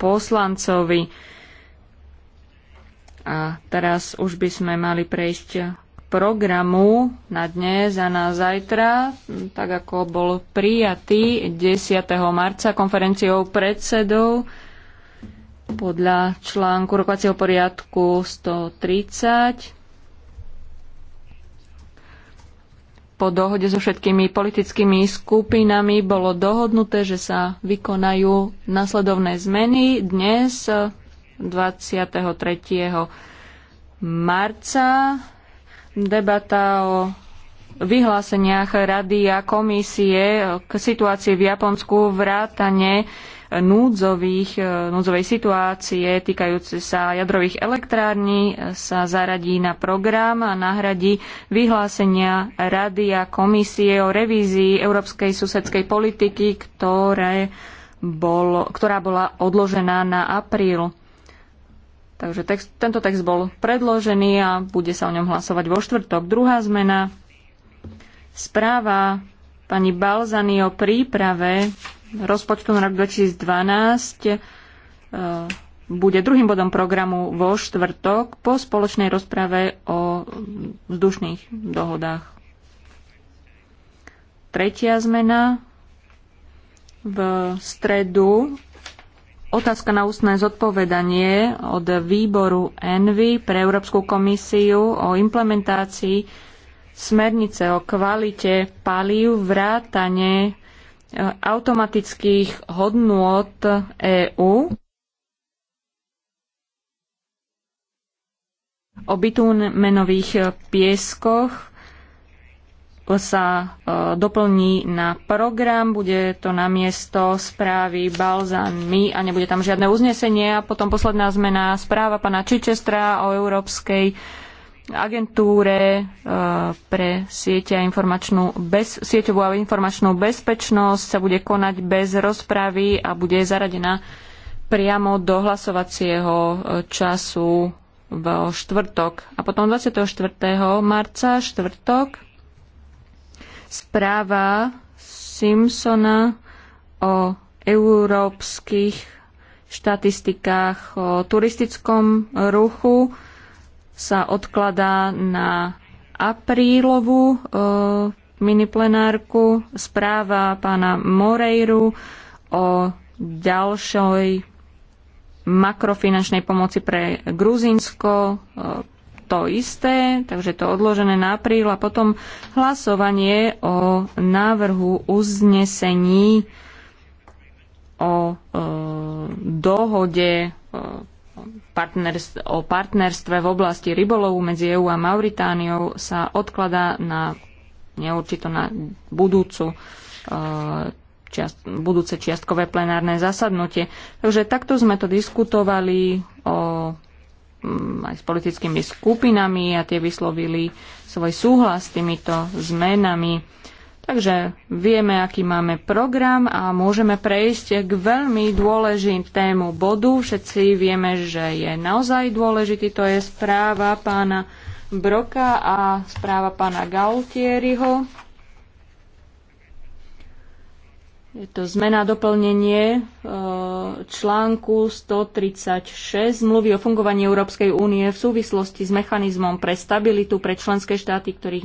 poslancovi. A teraz už by sme mali prejsť k programu na dnes a na zajtra, tak ako bol prijatý 10. marca konferenciou predsedov podľa článku rokovacieho poriadku 130 po dohode so všetkými politickými skupinami bolo dohodnuté, že sa vykonajú nasledovné zmeny dnes 23. marca. Debata o vyhláseniach rady a komisie k situácii v Japonsku vrátane núdzových, e, núdzovej situácie týkajúce sa jadrových elektrární e, sa zaradí na program a nahradí vyhlásenia Rady a komisie o revízii európskej susedskej politiky, ktoré bol, ktorá bola odložená na apríl. Takže text, tento text bol predložený a bude sa o ňom hlasovať vo štvrtok. Druhá zmena Správa pani Balzany o príprave rozpočtu na rok 2012 e, bude druhým bodom programu vo štvrtok po spoločnej rozprave o vzdušných dohodách. Tretia zmena v stredu. Otázka na ústne zodpovedanie od výboru ENVY pre Európsku komisiu o implementácii smernice o kvalite palív, vrátane e, automatických hodnôt EÚ o bitúmenových pieskoch sa e, doplní na program, bude to na miesto správy Balzan my a nebude tam žiadne uznesenie. A potom posledná zmena správa pana Čičestra o Európskej agentúre e, pre siete a informačnú bez, sieťovú a informačnú bezpečnosť sa bude konať bez rozpravy a bude zaradená priamo do hlasovacieho e, času v štvrtok. A potom 24. marca, štvrtok, správa Simpsona o európskych štatistikách o turistickom ruchu sa odkladá na aprílovú e, miniplenárku správa pána Moreiru o ďalšej makrofinančnej pomoci pre Gruzinsko, e, to isté, takže to odložené na apríl a potom hlasovanie o návrhu uznesení o e, dohode e, o partnerstve v oblasti rybolovu medzi EÚ a Mauritániou sa odkladá na neurčito na budúcu eh, čiast, budúce čiastkové plenárne zasadnutie. Takže takto sme to diskutovali o, mm, aj s politickými skupinami a tie vyslovili svoj súhlas s týmito zmenami Takže vieme, aký máme program a môžeme prejsť k veľmi dôležitému bodu. Všetci vieme, že je naozaj dôležitý. To je správa pána Broka a správa pána Gautieriho. Je to zmena doplnenie e, článku 136 zmluvy o fungovaní Európskej únie v súvislosti s mechanizmom pre stabilitu pre členské štáty, ktorých